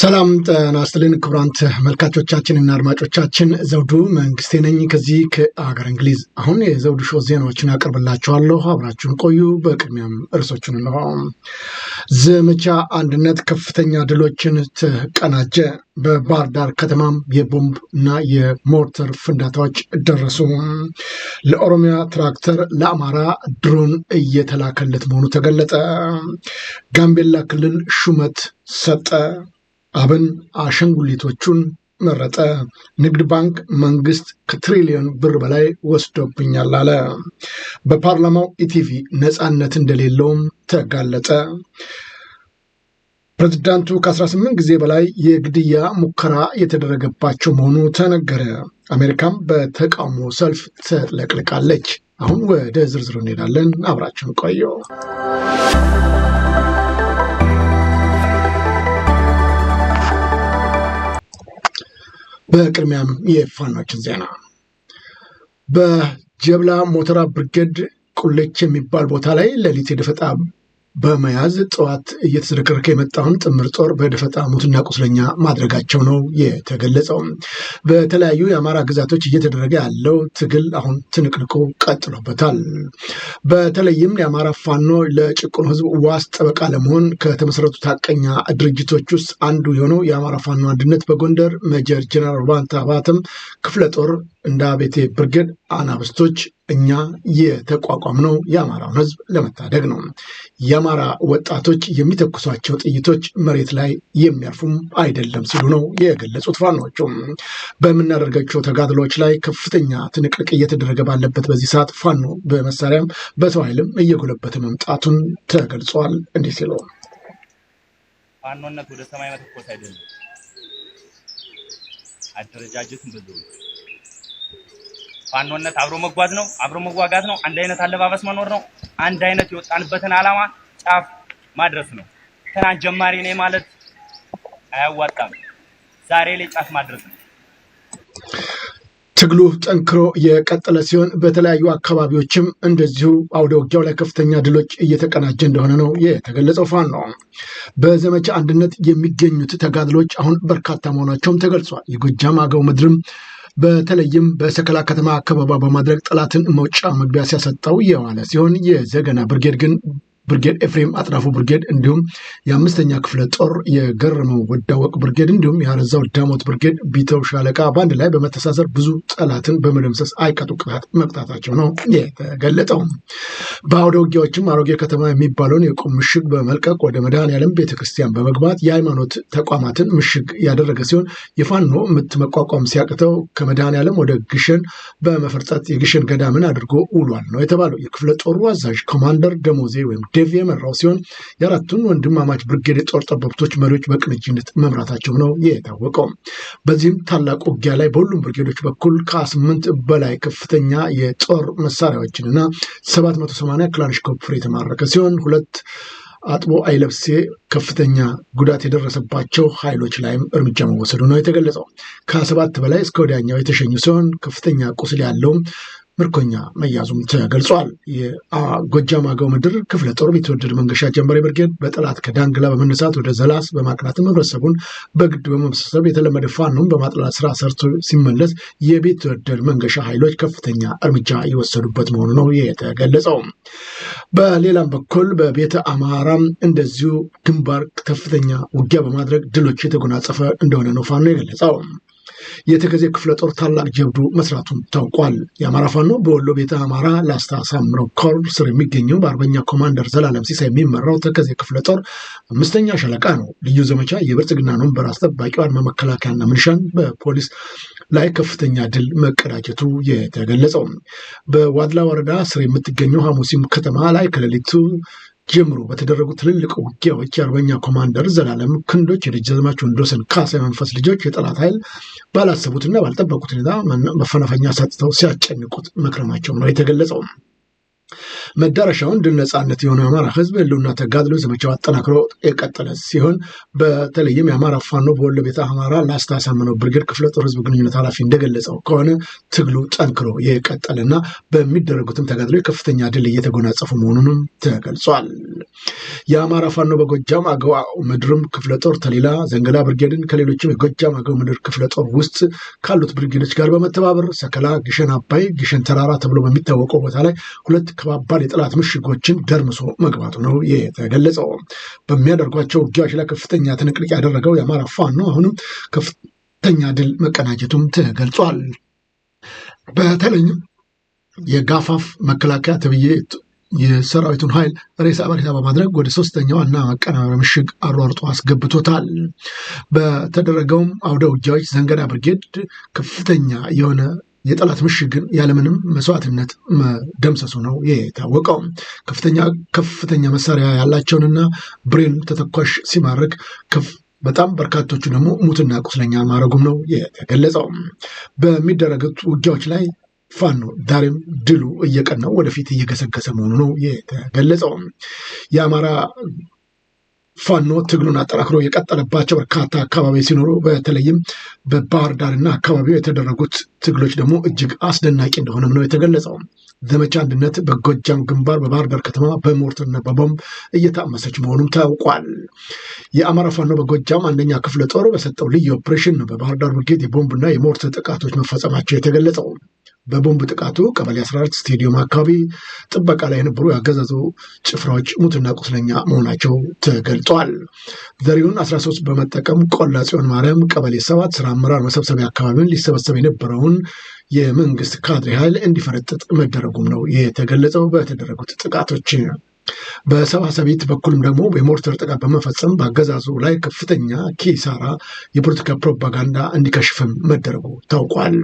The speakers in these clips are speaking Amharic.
ሰላም ጤና ይስጥልን ክቡራን ተመልካቾቻችንና አድማጮቻችን ዘውዱ መንግስቴ ነኝ ከዚህ ከአገር እንግሊዝ። አሁን የዘውዱ ሾው ዜናዎችን ያቀርብላችኋለሁ፣ አብራችሁን ቆዩ። በቅድሚያም እርሶችን እንሆ። ዘመቻ አንድነት ከፍተኛ ድሎችን ተቀናጀ። በባህር ዳር ከተማም የቦምብ እና የሞርተር ፍንዳታዎች ደረሱ። ለኦሮሚያ ትራክተር ለአማራ ድሮን እየተላከለት መሆኑ ተገለጠ። ጋምቤላ ክልል ሹመት ሰጠ። አብን አሻንጉሊቶቹን መረጠ። ንግድ ባንክ መንግስት ከትሪሊዮን ብር በላይ ወስዶብኛል አለ። በፓርላማው ኢቲቪ ነፃነት እንደሌለውም ተጋለጠ። ፕሬዚዳንቱ ከ18 ጊዜ በላይ የግድያ ሙከራ የተደረገባቸው መሆኑ ተነገረ። አሜሪካም በተቃውሞ ሰልፍ ተለቅልቃለች። አሁን ወደ ዝርዝሩ እንሄዳለን። አብራችን ቆየው። በቅድሚያም የፋኖችን ዜና በጀብላ ሞተራ ብርጌድ ቁልች የሚባል ቦታ ላይ ሌሊት የደፈጣ በመያዝ ጠዋት እየተዝረከረከ የመጣውን ጥምር ጦር በደፈጣ ሙትና ቁስለኛ ማድረጋቸው ነው የተገለጸው። በተለያዩ የአማራ ግዛቶች እየተደረገ ያለው ትግል አሁን ትንቅንቁ ቀጥሎበታል። በተለይም የአማራ ፋኖ ለጭቁኑ ሕዝብ ዋስ ጠበቃ ለመሆን ከተመሰረቱ ታቀኛ ድርጅቶች ውስጥ አንዱ የሆነው የአማራ ፋኖ አንድነት በጎንደር መጀር ጀነራል ባንታ ባተም ክፍለ ጦር እንደ አቤቴ ብርጌድ አናብስቶች እኛ የተቋቋምነው የአማራውን ህዝብ ለመታደግ ነው። የአማራ ወጣቶች የሚተኩሷቸው ጥይቶች መሬት ላይ የሚያርፉም አይደለም ሲሉ ነው የገለጹት። ፋኖቹ በምናደርጋቸው ተጋድሎች ላይ ከፍተኛ ትንቅንቅ እየተደረገ ባለበት በዚህ ሰዓት ፋኖ በመሳሪያም በሰው ኃይልም እየጎለበተ መምጣቱን ተገልጿል። እንዲህ ሲሉ ፋኖነት ወደ ሰማይ መተኮስ አይደለም አደረጃጀትን ፋኖነት አብሮ መጓዝ ነው፣ አብሮ መዋጋት ነው፣ አንድ አይነት አለባበስ መኖር ነው፣ አንድ አይነት የወጣንበትን ዓላማ ጫፍ ማድረስ ነው። ትናንት ጀማሪ ነኝ ማለት አያዋጣም። ዛሬ ላይ ጫፍ ማድረስ ነው። ትግሉ ጠንክሮ የቀጠለ ሲሆን በተለያዩ አካባቢዎችም እንደዚሁ አውደ ውጊያው ላይ ከፍተኛ ድሎች እየተቀናጀ እንደሆነ ነው የተገለጸው። ፋኖ ነው በዘመቻ አንድነት የሚገኙት ተጋድሎች አሁን በርካታ መሆናቸውም ተገልጿል። የጎጃም አገው ምድርም በተለይም በሰከላ ከተማ ከበባ በማድረግ ጠላትን መውጫ መግቢያ ሲያሰጠው የዋለ ሲሆን የዘገና ብርጌድ ግን ብርጌድ፣ ኤፍሬም አጥናፉ ብርጌድ እንዲሁም የአምስተኛ ክፍለ ጦር የገረመው ወዳወቅ ብርጌድ እንዲሁም የአረዛው ዳሞት ብርጌድ ቢተው ሻለቃ በአንድ ላይ በመተሳሰር ብዙ ጠላትን በመደምሰስ አይቀጡ ቅጣት መቅጣታቸው ነው የተገለጠው። በአውደ ውጊያዎችም አሮጌ ከተማ የሚባለውን የቁም ምሽግ በመልቀቅ ወደ መድኃኔዓለም ቤተክርስቲያን በመግባት የሃይማኖት ተቋማትን ምሽግ ያደረገ ሲሆን የፋኖ ምት መቋቋም ሲያቅተው ከመድኃኔዓለም ወደ ግሸን በመፈርጠት የግሸን ገዳምን አድርጎ ውሏል ነው የተባለው። የክፍለ ጦሩ አዛዥ ኮማንደር ደሞዜ ወይም ዴቭ የመራው ሲሆን የአራቱን ወንድማማች ብርጌድ የጦር ጠበብቶች መሪዎች በቅንጅነት መምራታቸው ነው የታወቀው። በዚህም ታላቅ ውጊያ ላይ በሁሉም ብርጌዶች በኩል ከስምንት በላይ ከፍተኛ የጦር መሳሪያዎችንና 780 ክላሽንኮቭ የተማረከ ሲሆን ሁለት አጥቦ አይለብሴ ከፍተኛ ጉዳት የደረሰባቸው ኃይሎች ላይም እርምጃ መወሰዱ ነው የተገለጸው። ከሰባት በላይ እስከ ወዲያኛው የተሸኙ ሲሆን ከፍተኛ ቁስል ያለውም ምርኮኛ መያዙም ተገልጿል። የጎጃም አገው ምድር ክፍለ ጦር የተወደደ መንገሻ ጀንበሬ ብርጌድ በጠላት ከዳንግላ በመነሳት ወደ ዘላስ በማቅናትም ህብረተሰቡን በግድ በመሰብሰብ የተለመደ ፋኖን በማጥላት ስራ ሰርቶ ሲመለስ የቤት መንገሻ ኃይሎች ከፍተኛ እርምጃ የወሰዱበት መሆኑ ነው የተገለጸው። በሌላም በኩል በቤተ አማራም እንደዚሁ ግንባር ከፍተኛ ውጊያ በማድረግ ድሎች የተጎናጸፈ እንደሆነ ነው ፋኖ የገለጸው። የተከዜ ክፍለ ጦር ታላቅ ጀብዱ መስራቱን ታውቋል። የአማራ ፋኖ በወሎ ቤተ አማራ ላስታ ሳምሮ ኮር ስር የሚገኘው በአርበኛ ኮማንደር ዘላለም ሲሳይ የሚመራው ተከዜ ክፍለ ጦር አምስተኛ ሻለቃ ነው። ልዩ ዘመቻ የብልጽግና ነው። በራስ ጠባቂው አድማ መከላከያና ምንሻን በፖሊስ ላይ ከፍተኛ ድል መቀዳጀቱ የተገለጸው በዋድላ ወረዳ ስር የምትገኘው ሐሙሲም ከተማ ላይ ከሌሊቱ ጀምሮ በተደረጉ ትልልቅ ውጊያዎች የአርበኛ ኮማንደር ዘላለም ክንዶች የልጅ ዶሰን እንደወሰን ካሳ የመንፈስ ልጆች የጠላት ኃይል ባላሰቡትና ባልጠበቁት ሁኔታ መፈናፈኛ ሰጥተው ሲያጨንቁት መክረማቸው ነው የተገለጸው። መዳረሻውን ድል ነጻነት የሆነ የአማራ ህዝብ ህልውና ተጋድሎ ዘመቻው አጠናክሮ የቀጠለ ሲሆን በተለይም የአማራ ፋኖ በወሎ ቤተ አማራ ላስታ አሳምነው ብርጌድ ክፍለ ጦር ህዝብ ግንኙነት ኃላፊ እንደገለጸው ከሆነ ትግሉ ጠንክሮ የቀጠለና በሚደረጉትም ተጋድሎ የከፍተኛ ድል እየተጎናጸፉ መሆኑንም ተገልጿል። የአማራ ፋኖ በጎጃም አገው ምድርም ክፍለ ጦር ተሌላ ዘንገላ ብርጌድን ከሌሎችም የጎጃም አገው ምድር ክፍለ ጦር ውስጥ ካሉት ብርጌዶች ጋር በመተባበር ሰከላ፣ ግሸን አባይ፣ ግሸን ተራራ ተብሎ በሚታወቀው ቦታ ላይ ሁለት ከባባድ የጠላት ምሽጎችን ደርምሶ መግባቱ ነው የተገለጸው። በሚያደርጓቸው ውጊያዎች ላይ ከፍተኛ ትንቅንቅ ያደረገው የአማራ ፋኖ አሁንም ከፍተኛ ድል መቀናጀቱም ተገልጿል። በተለይም የጋፋፍ መከላከያ ትብዬ የሰራዊቱን ኃይል ሬሳ በሬሳ በማድረግ ወደ ሶስተኛው ዋና መቀናበሪያ ምሽግ አሯርጦ አስገብቶታል። በተደረገውም አውደ ውጊያዎች ዘንገዳ ብርጌድ ከፍተኛ የሆነ የጠላት ምሽግን ያለምንም መስዋዕትነት መደምሰሱ ነው የታወቀው። ከፍተኛ ከፍተኛ መሳሪያ ያላቸውንና ብሬን ተተኳሽ ሲማርክ በጣም በርካቶቹ ደግሞ ሙትና ቁስለኛ ማድረጉም ነው የተገለጸው። በሚደረጉት ውጊያዎች ላይ ፋኖ ዳሬም ድሉ እየቀናው ወደፊት እየገሰገሰ መሆኑ ነው የተገለጸው። የአማራ ፋኖ ትግሉን አጠናክሮ የቀጠለባቸው በርካታ አካባቢ ሲኖሩ በተለይም በባህር ዳርና አካባቢው የተደረጉት ትግሎች ደግሞ እጅግ አስደናቂ እንደሆነም ነው የተገለጸው። ዘመቻ አንድነት በጎጃም ግንባር በባህር ዳር ከተማ በሞርተርና በቦምብ እየታመሰች መሆኑም ታውቋል። የአማራ ፋኖ በጎጃም አንደኛ ክፍለ ጦር በሰጠው ልዩ ኦፕሬሽን ነው በባህር ዳር ብርጌድ የቦምብና የሞርተር ጥቃቶች መፈጸማቸው የተገለጸው። በቦምብ ጥቃቱ ቀበሌ 14 ስቴዲየም አካባቢ ጥበቃ ላይ የነበሩ ያገዛዙ ጭፍራዎች ሙትና ቁስለኛ መሆናቸው ተገልጧል። ዘሪሁን 13 በመጠቀም ቆላ ጽዮን ማርያም ቀበሌ 7 ስራ አመራር መሰብሰቢያ አካባቢውን ሊሰበሰብ የነበረውን የመንግስት ካድሬ ኃይል እንዲፈረጥጥ መደረጉም ነው የተገለጸው በተደረጉት ጥቃቶች በሰባሰቢት በኩልም ደግሞ የሞርተር ጥቃት በመፈጸም በአገዛዙ ላይ ከፍተኛ ኪሳራ የፖለቲካ ፕሮፓጋንዳ እንዲከሽፍም መደረጉ ታውቋል።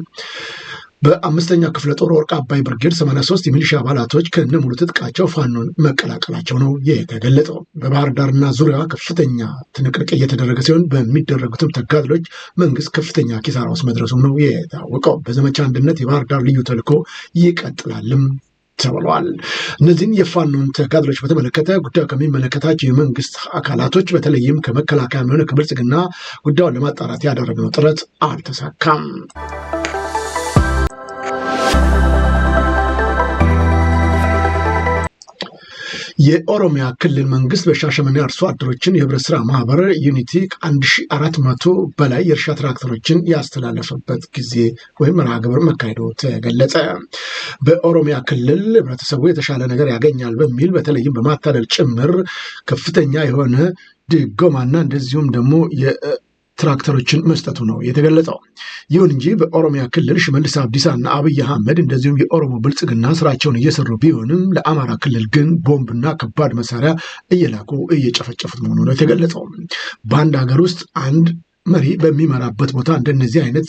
በአምስተኛ ክፍለ ጦር ወርቅ አባይ ብርጌድ 83 የሚሊሻ አባላቶች ከነሙሉ ትጥቃቸው ፋኖን መቀላቀላቸው ነው የተገለጠው። በባህር ዳርና ዙሪያ ከፍተኛ ትንቅንቅ እየተደረገ ሲሆን በሚደረጉትም ተጋድሎች መንግስት ከፍተኛ ኪሳራ ውስጥ መድረሱ ነው የታወቀው። በዘመቻ አንድነት የባህር ዳር ልዩ ተልዕኮ ይቀጥላልም ተብሏል። እነዚህን የፋኖን ተጋድሎች በተመለከተ ጉዳዩ ከሚመለከታቸው የመንግስት አካላቶች በተለይም ከመከላከያ የሆነ ከብልጽግና ጉዳዩን ለማጣራት ያደረግነው ጥረት አልተሳካም። የኦሮሚያ ክልል መንግስት በሻሸመኔ አርሶ አደሮችን የህብረት ስራ ማህበር ዩኒቲ ከአንድ ሺህ አራት መቶ በላይ የእርሻ ትራክተሮችን ያስተላለፈበት ጊዜ ወይም መርሃ ግብር መካሄዱ ተገለጸ። በኦሮሚያ ክልል ህብረተሰቡ የተሻለ ነገር ያገኛል በሚል በተለይም በማታለል ጭምር ከፍተኛ የሆነ ድጎማና እንደዚሁም ደግሞ ትራክተሮችን መስጠቱ ነው የተገለጸው። ይሁን እንጂ በኦሮሚያ ክልል ሽመልስ አብዲሳና አብይ አህመድ እንደዚሁም የኦሮሞ ብልጽግና ስራቸውን እየሰሩ ቢሆንም ለአማራ ክልል ግን ቦምብና ከባድ መሳሪያ እየላኩ እየጨፈጨፉት መሆኑ ነው የተገለጸው። በአንድ ሀገር ውስጥ አንድ መሪ በሚመራበት ቦታ እንደነዚህ አይነት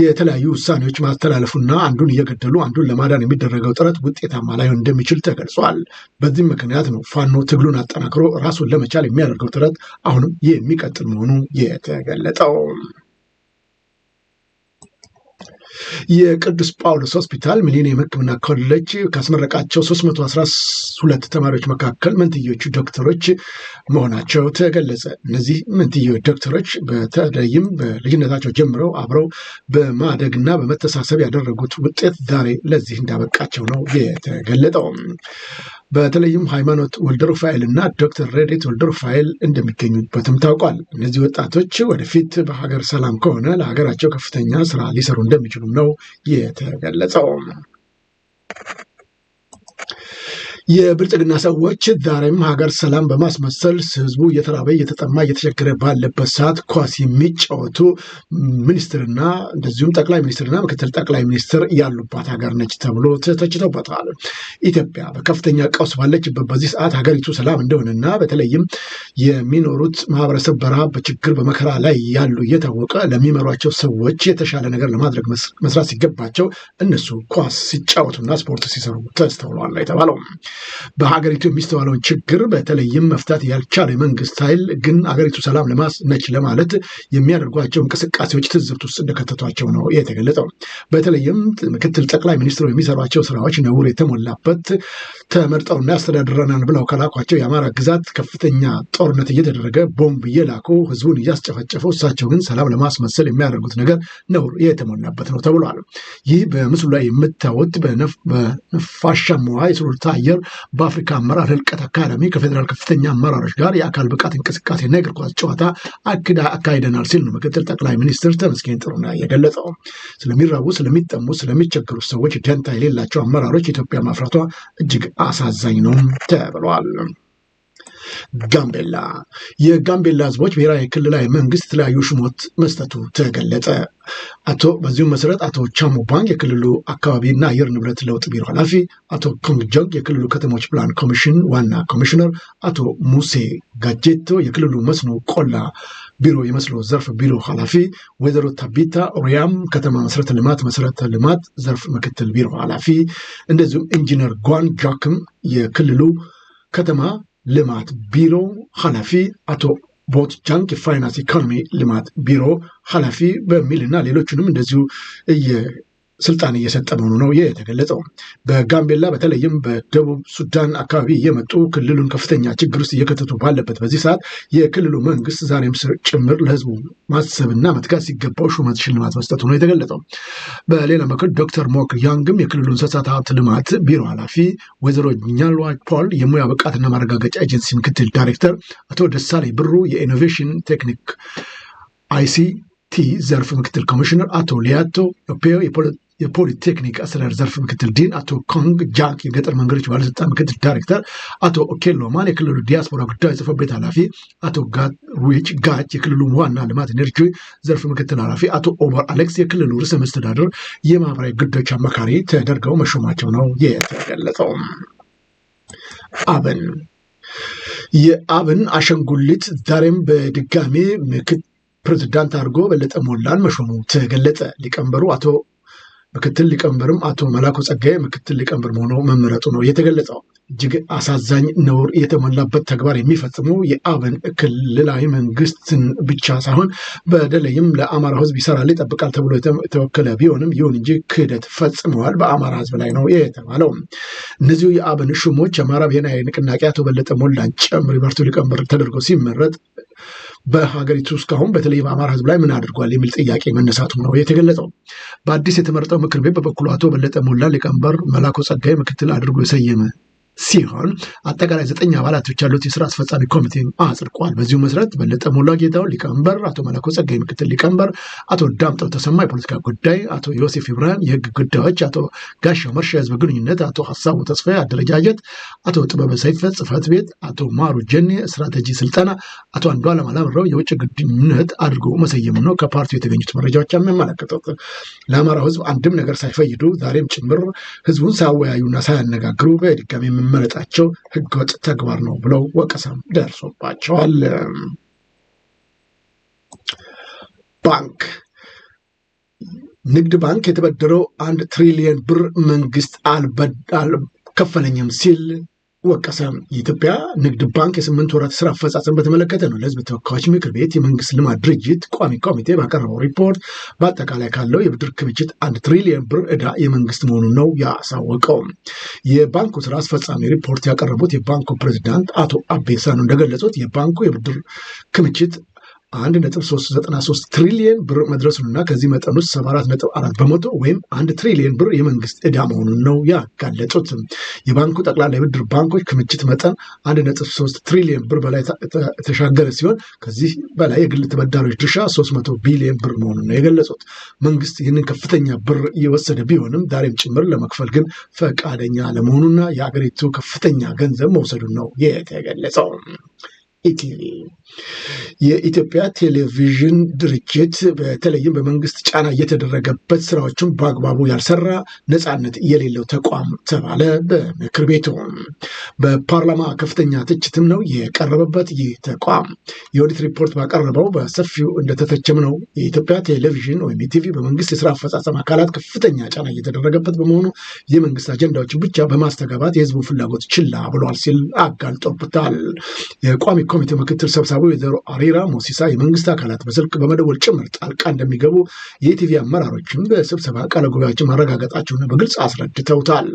የተለያዩ ውሳኔዎች ማስተላለፉና አንዱን እየገደሉ አንዱን ለማዳን የሚደረገው ጥረት ውጤታማ ላይሆን እንደሚችል ተገልጿል። በዚህም ምክንያት ነው ፋኖ ትግሉን አጠናክሮ ራሱን ለመቻል የሚያደርገው ጥረት አሁንም የሚቀጥል መሆኑ የተገለጠው። የቅዱስ ጳውሎስ ሆስፒታል ሚሊኒየም ሕክምና ኮሌጅ ካስመረቃቸው 312 ተማሪዎች መካከል መንትዮቹ ዶክተሮች መሆናቸው ተገለጸ። እነዚህ መንትዮ ዶክተሮች በተለይም በልጅነታቸው ጀምረው አብረው በማደግና በመተሳሰብ ያደረጉት ውጤት ዛሬ ለዚህ እንዳበቃቸው ነው የተገለጠው። በተለይም ሃይማኖት ሩፋኤል እና ዶክተር ረዴት ሩፋኤል እንደሚገኙበትም ታውቋል። እነዚህ ወጣቶች ወደፊት በሀገር ሰላም ከሆነ ለሀገራቸው ከፍተኛ ስራ ሊሰሩ እንደሚችሉም ነው የተገለጸው። የብልጽግና ሰዎች ዛሬም ሀገር ሰላም በማስመሰል ህዝቡ እየተራበ እየተጠማ እየተቸገረ ባለበት ሰዓት ኳስ የሚጫወቱ ሚኒስትርና እንደዚሁም ጠቅላይ ሚኒስትርና ምክትል ጠቅላይ ሚኒስትር ያሉባት ሀገር ነች ተብሎ ተችተውበታል። ኢትዮጵያ በከፍተኛ ቀውስ ባለችበት በዚህ ሰዓት ሀገሪቱ ሰላም እንደሆነና በተለይም የሚኖሩት ማህበረሰብ በረሃብ በችግር በመከራ ላይ ያሉ እየታወቀ ለሚመሯቸው ሰዎች የተሻለ ነገር ለማድረግ መስራት ሲገባቸው እነሱ ኳስ ሲጫወቱና ስፖርት ሲሰሩ ተስተውሏል የተባለው በሀገሪቱ የሚስተዋለውን ችግር በተለይም መፍታት ያልቻለ የመንግስት ኃይል ግን አገሪቱ ሰላም ለማስነች ለማለት የሚያደርጓቸው እንቅስቃሴዎች ትዝብት ውስጥ እንደከተቷቸው ነው የተገለጠው። በተለይም ምክትል ጠቅላይ ሚኒስትሩ የሚሰሯቸው ስራዎች ነውር የተሞላበት ተመርጠውና ያስተዳድረናል ብለው ከላኳቸው የአማራ ግዛት ከፍተኛ ጦርነት እየተደረገ ቦምብ እየላኩ ህዝቡን እያስጨፈጨፈው፣ እሳቸው ግን ሰላም ለማስመሰል የሚያደርጉት ነገር ነውር የተሞላበት ነው ተብሏል። ይህ በምስሉ ላይ የምታዩት በነፋሻማዋ የስሩልታ አየር በአፍሪካ አመራር ህልቀት አካዳሚ ከፌዴራል ከፍተኛ አመራሮች ጋር የአካል ብቃት እንቅስቃሴና የእግር ኳስ ጨዋታ አካሂደናል ሲል ነው ምክትል ጠቅላይ ሚኒስትር ተመስገን ጥሩነህ የገለጸው። ስለሚራቡ፣ ስለሚጠሙ፣ ስለሚቸገሩ ሰዎች ደንታ የሌላቸው አመራሮች ኢትዮጵያ ማፍራቷ እጅግ አሳዛኝ ነው ተብሏል። ጋምቤላ የጋምቤላ ህዝቦች ብሔራዊ ክልላዊ መንግስት የተለያዩ ሹመት መስጠቱ ተገለጠ። አቶ በዚሁም መሰረት አቶ ቻሙ ባንግ የክልሉ አካባቢና አየር ንብረት ለውጥ ቢሮ ኃላፊ፣ አቶ ኮንግ ጆንግ የክልሉ ከተሞች ፕላን ኮሚሽን ዋና ኮሚሽነር፣ አቶ ሙሴ ጋጀቶ የክልሉ መስኖ ቆላ ቢሮ የመስሎ ዘርፍ ቢሮ ኃላፊ፣ ወይዘሮ ታቢታ ሪያም ከተማ መሰረተ ልማት መሰረተ ልማት ዘርፍ ምክትል ቢሮ ኃላፊ፣ እንደዚሁም ኢንጂነር ጓን ጃክም የክልሉ ከተማ ልማት ቢሮ ኃላፊ አቶ ቦትቻንክ የፋይናንስ ኢኮኖሚ ልማት ቢሮ ኃላፊ በሚልና ሌሎችንም እንደዚሁ ስልጣን እየሰጠ መሆኑ ነው የተገለጸው። በጋምቤላ በተለይም በደቡብ ሱዳን አካባቢ እየመጡ ክልሉን ከፍተኛ ችግር ውስጥ እየከተቱ ባለበት በዚህ ሰዓት የክልሉ መንግስት ዛሬም ጭምር ለህዝቡ ማሰብና መትጋት ሲገባው ሹመት ሽልማት መስጠቱ ነው የተገለጸው። በሌላ በኩል ዶክተር ሞክ ያንግም የክልሉ እንስሳት ሀብት ልማት ቢሮ ኃላፊ፣ ወይዘሮ ኛልዋ ፖል የሙያ ብቃትና ማረጋገጫ ኤጀንሲ ምክትል ዳይሬክተር፣ አቶ ደሳሌ ብሩ የኢኖቬሽን ቴክኒክ አይሲቲ ዘርፍ ምክትል ኮሚሽነር፣ አቶ ሊያቶ የፖለቲ የፖሊቴክኒክ አስተዳደር ዘርፍ ምክትል ዲን አቶ ኮንግ ጃክ፣ የገጠር መንገዶች ባለስልጣን ምክትል ዳይሬክተር አቶ ኦኬሎማን፣ የክልሉ ዲያስፖራ ጉዳይ ጽሕፈት ቤት ኃላፊ አቶ ጋዊች ጋች፣ የክልሉ ዋና ልማት ኤነርጂ ዘርፍ ምክትል ኃላፊ አቶ ኦበር አሌክስ፣ የክልሉ ርዕሰ መስተዳደር የማህበራዊ ጉዳዮች አማካሪ ተደርገው መሾማቸው ነው የተገለጸው። አብን የአብን አሸንጉሊት ዛሬም በድጋሚ ምክት ፕሬዚዳንት አድርጎ በለጠ ሞላን መሾሙ ተገለጸ። ሊቀመንበሩ አቶ ምክትል ሊቀመንበርም አቶ መላኩ ጸጋዬ ምክትል ሊቀመንበር መሆኑ መመረጡ ነው የተገለጸው። እጅግ አሳዛኝ ነውር የተሞላበት ተግባር የሚፈጽሙ የአብን ክልላዊ መንግስትን ብቻ ሳይሆን በደለይም ለአማራ ህዝብ ይሰራል ይጠብቃል ተብሎ የተወከለ ቢሆንም ይሁን እንጂ ክህደት ፈጽመዋል በአማራ ህዝብ ላይ ነው የተባለው። እነዚሁ የአብን ሹሞች የአማራ ብሔራዊ ንቅናቄ አቶ በለጠ ሞላን ጨምሮ የፓርቲው ሊቀመንበር ተደርጎ ሲመረጥ በሀገሪቱ እስካሁን በተለይ በአማራ ህዝብ ላይ ምን አድርጓል የሚል ጥያቄ መነሳቱም ነው የተገለጸው። በአዲስ የተመረጠው ምክር ቤት በበኩሉ አቶ በለጠ ሞላ ሊቀመንበር፣ መላኩ ጸጋይ ምክትል አድርጎ የሰየመ ሲሆን አጠቃላይ ዘጠኝ አባላቶች ያሉት የስራ አስፈጻሚ ኮሚቴ አጽድቋል። በዚሁ መሰረት በለጠ ሞላ ጌታው ሊቀመንበር፣ አቶ መላኮ ጸጋይ ምክትል ሊቀመንበር፣ አቶ ዳምጠው ተሰማ የፖለቲካ ጉዳይ፣ አቶ ዮሴፍ ኢብራሂም የህግ ጉዳዮች፣ አቶ ጋሻው መርሻ የህዝብ ግንኙነት፣ አቶ ሀሳቡ ተስፋዬ አደረጃጀት፣ አቶ ጥበበ ሰይፈ ጽህፈት ቤት፣ አቶ ማሩ ጀኔ ስትራቴጂ ስልጠና፣ አቶ አንዱዓለም አላምረው የውጭ ግንኙነት አድርጎ መሰየሙ ነው ከፓርቲው የተገኙት መረጃዎች የሚያመለክተው። ለአማራው ህዝብ አንድም ነገር ሳይፈይዱ ዛሬም ጭምር ህዝቡን ሳያወያዩና ሳያነጋግሩ በድጋሚ መመረጣቸው ህገወጥ ተግባር ነው ብለው ወቀሳም ደርሶባቸዋል። ባንክ ንግድ ባንክ የተበደረው አንድ ትሪሊየን ብር መንግስት አልከፈለኝም ሲል ወቀሰ። የኢትዮጵያ ንግድ ባንክ የስምንት ወራት ስራ አፈጻጸም በተመለከተ ነው ለህዝብ ተወካዮች ምክር ቤት የመንግስት ልማት ድርጅት ቋሚ ኮሚቴ ባቀረበው ሪፖርት በአጠቃላይ ካለው የብድር ክምችት አንድ ትሪሊየን ብር እዳ የመንግስት መሆኑን ነው ያሳወቀው። የባንኩ ስራ አስፈጻሚ ሪፖርት ያቀረቡት የባንኩ ፕሬዚዳንት አቶ አቤ እንደገለጹት የባንኩ የብድር ክምችት አንድ ነጥብ ሶስት ዘጠና ሶስት ትሪሊየን ብር መድረሱንና ከዚህ መጠን ውስጥ ሰባ አራት ነጥብ አራት በመቶ ወይም አንድ ትሪሊየን ብር የመንግስት እዳ መሆኑን ነው ያጋለጡት። የባንኩ ጠቅላላ የብድር ባንኮች ክምችት መጠን አንድ ነጥብ ሶስት ትሪሊየን ብር በላይ የተሻገረ ሲሆን ከዚህ በላይ የግል ተበዳሪዎች ድርሻ ሶስት መቶ ቢሊየን ብር መሆኑን ነው የገለጹት። መንግስት ይህንን ከፍተኛ ብር እየወሰደ ቢሆንም ዛሬም ጭምር ለመክፈል ግን ፈቃደኛ ለመሆኑና የአገሪቱ ከፍተኛ ገንዘብ መውሰዱን ነው የተገለጸው። ኢቲቪ የኢትዮጵያ ቴሌቪዥን ድርጅት በተለይም በመንግስት ጫና እየተደረገበት ስራዎችን በአግባቡ ያልሰራ ነፃነት የሌለው ተቋም ተባለ። በምክር ቤቱ በፓርላማ ከፍተኛ ትችትም ነው የቀረበበት። ይህ ተቋም የኦዲት ሪፖርት ባቀረበው በሰፊው እንደተተቸም ነው። የኢትዮጵያ ቴሌቪዥን ወይም ኢቲቪ በመንግስት የስራ አፈጻጸም አካላት ከፍተኛ ጫና እየተደረገበት በመሆኑ የመንግስት አጀንዳዎችን ብቻ በማስተጋባት የህዝቡ ፍላጎት ችላ ብሏል ሲል አጋልጦበታል። የቋሚ የኮሚቴው ምክትል ሰብሳቢ ወይዘሮ አሪራ ሞሲሳ የመንግስት አካላት በስልክ በመደወል ጭምር ጣልቃ እንደሚገቡ የኢቲቪ አመራሮችም በስብሰባ ቃለ ጉባኤያቸው ማረጋገጣቸውን በግልጽ አስረድተውታል።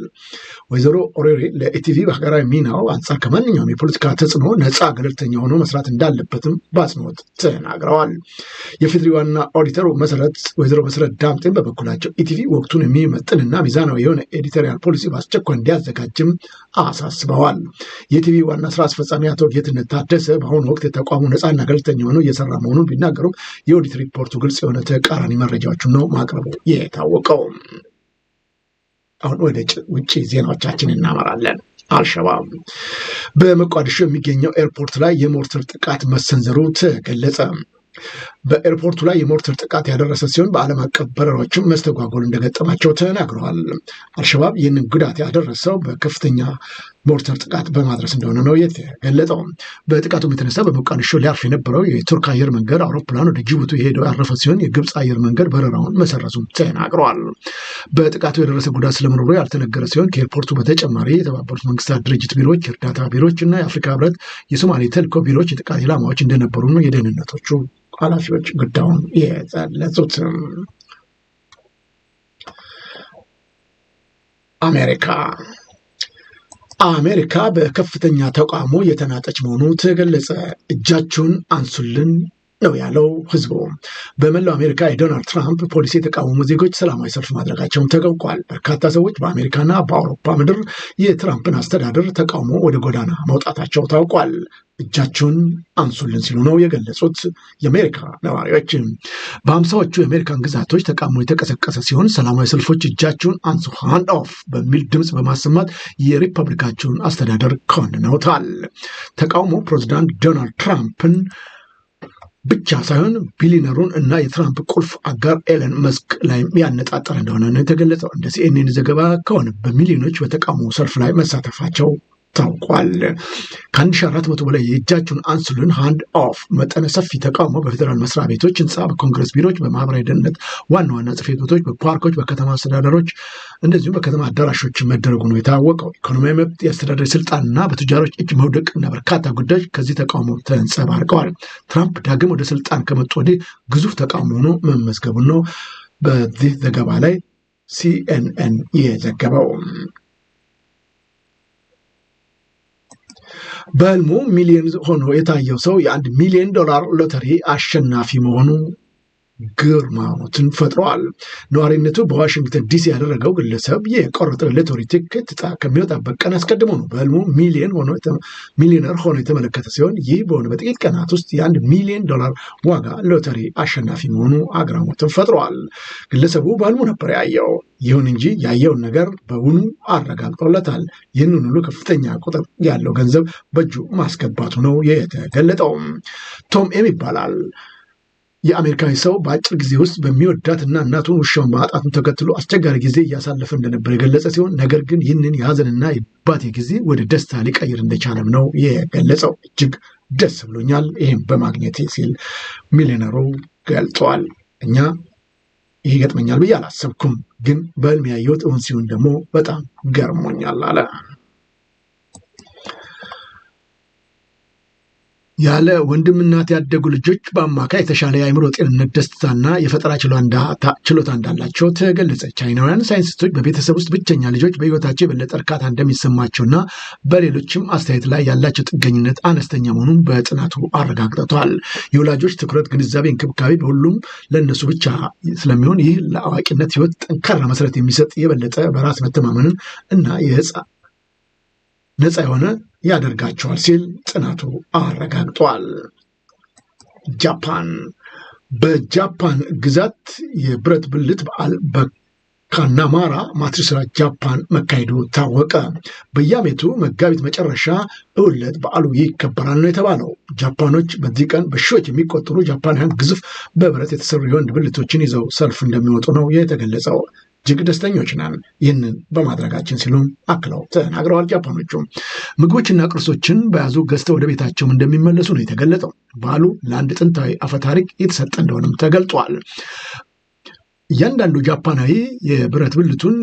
ወይዘሮ ኦሬሬ ለኢቲቪ በሀገራዊ ሚናው አንጻር ከማንኛውም የፖለቲካ ተጽዕኖ ነፃ ገለልተኛ ሆኖ መስራት እንዳለበትም በአጽንኦት ተናግረዋል። የፊድሪ ዋና ኦዲተር መሰረት ወይዘሮ መሰረት ዳምጤን በበኩላቸው ኢቲቪ ወቅቱን የሚመጥንና ሚዛናዊ የሆነ ኤዲቶሪያል ፖሊሲ በአስቸኳይ እንዲያዘጋጅም አሳስበዋል። የኢቲቪ ዋና ስራ አስፈጻሚ አቶ ጌትነት ታደሰ በአሁኑ ወቅት የተቋሙ ነፃና ገለልተኛ ሆኖ እየሰራ መሆኑን ቢናገሩም የኦዲት ሪፖርቱ ግልጽ የሆነ ተቃራኒ መረጃዎችን ነው ማቅረቡ የታወቀው። አሁን ወደ ውጭ ዜናዎቻችን እናመራለን። አልሸባብ በሞቃዲሾ የሚገኘው ኤርፖርት ላይ የሞርተር ጥቃት መሰንዘሩ ተገለጸ። በኤርፖርቱ ላይ የሞርተር ጥቃት ያደረሰ ሲሆን በዓለም አቀፍ በረራዎችም መስተጓጎል እንደገጠማቸው ተናግረዋል። አልሸባብ ይህንን ጉዳት ያደረሰው በከፍተኛ ሞርተር ጥቃት በማድረስ እንደሆነ ነው የተገለጠው። በጥቃቱም የተነሳ በሞቃዲሾ ሊያርፍ የነበረው የቱርክ አየር መንገድ አውሮፕላን ወደ ጅቡቲ ሄደው ያረፈ ሲሆን የግብፅ አየር መንገድ በረራውን መሰረዙም ተናግረዋል። በጥቃቱ የደረሰ ጉዳት ስለመኖሩ ያልተነገረ ሲሆን ከኤርፖርቱ በተጨማሪ የተባበሩት መንግስታት ድርጅት ቢሮዎች፣ የእርዳታ ቢሮዎች እና የአፍሪካ ህብረት የሶማሌ ተልኮ ቢሮዎች የጥቃት ኢላማዎች እንደነበሩ ነው የደህንነቶቹ ኃላፊዎች ጉዳዩን የገለጹት። አሜሪካ አሜሪካ በከፍተኛ ተቃውሞ የተናጠች መሆኑ ተገለጸ። እጃችሁን አንሱልን ነው ያለው ህዝቡ። በመላው አሜሪካ የዶናልድ ትራምፕ ፖሊሲ የተቃወሙ ዜጎች ሰላማዊ ሰልፍ ማድረጋቸውን ተገውቋል። በርካታ ሰዎች በአሜሪካና በአውሮፓ ምድር የትራምፕን አስተዳደር ተቃውሞ ወደ ጎዳና መውጣታቸው ታውቋል። እጃችሁን አንሱልን ሲሉ ነው የገለጹት የአሜሪካ ነዋሪዎች። በአምሳዎቹ የአሜሪካን ግዛቶች ተቃውሞ የተቀሰቀሰ ሲሆን ሰላማዊ ሰልፎች እጃችሁን አንሱ ሃንድ ኦፍ በሚል ድምፅ በማሰማት የሪፐብሊካቸውን አስተዳደር ኮንነውታል። ተቃውሞ ፕሬዚዳንት ዶናልድ ትራምፕን ብቻ ሳይሆን ቢሊነሩን እና የትራምፕ ቁልፍ አጋር ኤለን መስክ ላይም ያነጣጠረ እንደሆነ ነው የተገለጸው። እንደ ሲኤንኤን ዘገባ ከሆነ በሚሊዮኖች በተቃውሞ ሰልፍ ላይ መሳተፋቸው ታውቋል። ከአንድ ሺህ አራት መቶ በላይ የእጃቸውን አንስሉን ሃንድ ኦፍ መጠነ ሰፊ ተቃውሞ በፌዴራል መስሪያ ቤቶች ህንፃ፣ በኮንግረስ ቢሮዎች፣ በማህበራዊ ደህንነት ዋና ዋና ጽሕፈት ቤቶች፣ በፓርኮች፣ በከተማ አስተዳደሮች እንደዚሁም በከተማ አዳራሾች መደረጉ ነው የታወቀው። ኢኮኖሚያዊ መብት፣ የአስተዳደር ስልጣንና በቱጃሮች እጅ መውደቅ እና በርካታ ጉዳዮች ከዚህ ተቃውሞ ተንጸባርቀዋል። ትራምፕ ዳግም ወደ ስልጣን ከመጡ ወዲህ ግዙፍ ተቃውሞ ሆኖ መመዝገቡን ነው በዚህ ዘገባ ላይ ሲኤንኤን የዘገበው። በህልሙ ሚሊዮን ሆኖ የታየው ሰው የአንድ ሚሊዮን ዶላር ሎተሪ አሸናፊ መሆኑ ግርማሞትን ፈጥረዋል። ነዋሪነቱ በዋሽንግተን ዲሲ ያደረገው ግለሰብ የቆረጠለት ሎተሪ ትኬት ዕጣ ከሚወጣበት ቀን አስቀድሞ ነው። በህልሙ ሚሊዮን ሆኖ ሚሊዮነር ሆኖ የተመለከተ ሲሆን ይህ በሆነ በጥቂት ቀናት ውስጥ የአንድ ሚሊዮን ዶላር ዋጋ ሎተሪ አሸናፊ መሆኑ አግራሞትን ፈጥረዋል። ግለሰቡ በህልሙ ነበር ያየው። ይሁን እንጂ ያየውን ነገር በውኑ አረጋግጦለታል። ይህንን ሁሉ ከፍተኛ ቁጥር ያለው ገንዘብ በእጁ ማስገባቱ ነው የተገለጠው። ቶም ኤም ይባላል። የአሜሪካዊ ሰው በአጭር ጊዜ ውስጥ በሚወዳትና እናቱን ውሻውን በማጣቱን ተከትሎ አስቸጋሪ ጊዜ እያሳለፈ እንደነበር የገለጸ ሲሆን ነገር ግን ይህንን የሀዘንና የባቴ ጊዜ ወደ ደስታ ሊቀይር እንደቻለም ነው የገለጸው። እጅግ ደስ ብሎኛል ይህም በማግኘቴ ሲል ሚሊነሩ ገልጸዋል። እኛ ይህ ይገጥመኛል ብዬ አላሰብኩም፣ ግን በህልም ያየሁት እውን ሲሆን ደግሞ በጣም ገርሞኛል አለ። ያለ ወንድምናት ያደጉ ልጆች በአማካይ የተሻለ የአእምሮ ጤንነት ደስታና የፈጠራ ችሎታ እንዳላቸው ተገለጸ። ቻይናውያን ሳይንቲስቶች በቤተሰብ ውስጥ ብቸኛ ልጆች በህይወታቸው የበለጠ እርካታ እንደሚሰማቸውና በሌሎችም አስተያየት ላይ ያላቸው ጥገኝነት አነስተኛ መሆኑን በጥናቱ አረጋግጠቷል። የወላጆች ትኩረት፣ ግንዛቤ፣ እንክብካቤ በሁሉም ለእነሱ ብቻ ስለሚሆን ይህ ለአዋቂነት ህይወት ጠንካራ መሰረት የሚሰጥ የበለጠ በራስ መተማመንን እና ነፃ የሆነ ያደርጋቸዋል ሲል ጥናቱ አረጋግጧል። ጃፓን በጃፓን ግዛት የብረት ብልት በዓል በካናማራ ማትሱራ ጃፓን መካሄዱ ታወቀ። በየዓመቱ መጋቢት መጨረሻ እውለት በዓሉ ይከበራል ነው የተባለው። ጃፓኖች በዚህ ቀን በሺዎች የሚቆጠሩ ጃፓናውያን ግዙፍ በብረት የተሰሩ የወንድ ብልቶችን ይዘው ሰልፍ እንደሚወጡ ነው የተገለጸው። እጅግ ደስተኞች ነን ይህንን በማድረጋችን ሲሉም አክለው ተናግረዋል። ጃፓኖቹ ምግቦችና ቅርሶችን በያዙ ገዝተው ወደ ቤታቸውም እንደሚመለሱ ነው የተገለጠው። በዓሉ ለአንድ ጥንታዊ አፈታሪክ የተሰጠ እንደሆነም ተገልጧል። እያንዳንዱ ጃፓናዊ የብረት ብልቱን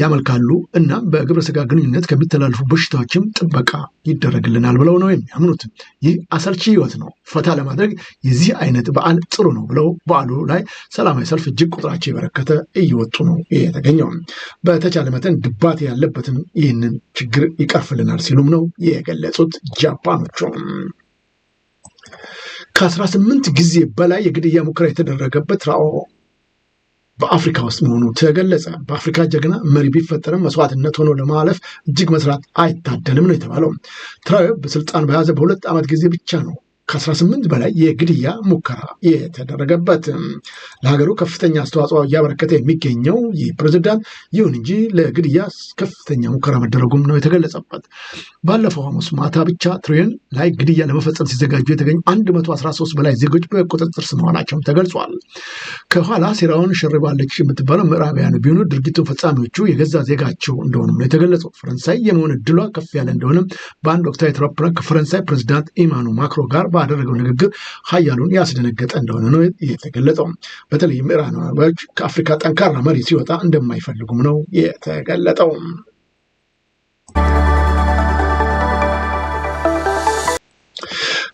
ያመልካሉ እናም በግብረ ስጋ ግንኙነት ከሚተላልፉ በሽታዎችም ጥበቃ ይደረግልናል ብለው ነው የሚያምኑት። ይህ አሰልቺ ህይወት ነው ፈታ ለማድረግ የዚህ አይነት በዓል ጥሩ ነው ብለው በዓሉ ላይ ሰላማዊ ሰልፍ እጅግ ቁጥራቸው የበረከተ እየወጡ ነው የተገኘው። በተቻለ መጠን ድባት ያለበትን ይህንን ችግር ይቀርፍልናል ሲሉም ነው የገለጹት ጃፓኖቹ። ከአስራ ስምንት ጊዜ በላይ የግድያ ሙከራ የተደረገበት ራኦ በአፍሪካ ውስጥ መሆኑ ተገለጸ። በአፍሪካ ጀግና መሪ ቢፈጠርም መስዋዕትነት ሆኖ ለማለፍ እጅግ መስራት አይታደልም ነው የተባለው። ትራዮ በስልጣን በያዘ በሁለት ዓመት ጊዜ ብቻ ነው ከ18 በላይ የግድያ ሙከራ የተደረገበት ለሀገሩ ከፍተኛ አስተዋጽኦ እያበረከተ የሚገኘው ይህ ፕሬዝዳንት ይሁን እንጂ ለግድያ ከፍተኛ ሙከራ መደረጉም ነው የተገለጸበት። ባለፈው ሐሙስ ማታ ብቻ ትሬን ላይ ግድያ ለመፈጸም ሲዘጋጁ የተገኙ 113 በላይ ዜጎች በቁጥጥር ስር ተገልጿል። ከኋላ ሴራውን ሸርባለች የምትባለው ምዕራባውያኑ ቢሆኑ ድርጊቱን ፈጻሚዎቹ የገዛ ዜጋቸው እንደሆኑ ነው የተገለጸው። ፈረንሳይ የመሆን እድሏ ከፍ ያለ እንደሆነም በአንድ ወቅታዊ ትራምፕ ከፈረንሳይ ፕሬዚዳንት ኢማኑ ማክሮ ጋር ባደረገው ንግግር ሀያሉን ያስደነገጠ እንደሆነ ነው የተገለጠው በተለይ ምዕራባውያን ከአፍሪካ ጠንካራ መሪ ሲወጣ እንደማይፈልጉም ነው የተገለጠው።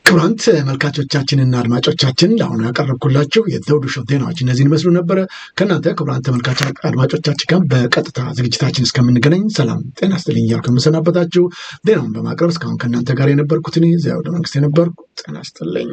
ክብራንት ተመልካቾቻችንና አድማጮቻችን ለአሁኑ ያቀረብኩላችሁ የዘውዱ ሾው ዜናዎች እነዚህን ይመስሉ ነበረ። ከእናንተ ክብራንት ተመልካች አድማጮቻችን ጋር በቀጥታ ዝግጅታችን እስከምንገናኝ ሰላም ጤና ስጥልኝ እያልኩ የምሰናበታችሁ ዜናውን በማቅረብ እስካሁን ከእናንተ ጋር የነበርኩት እኔ ዘውዱ መንግስት የነበርኩ ጤና ስጥልኝ።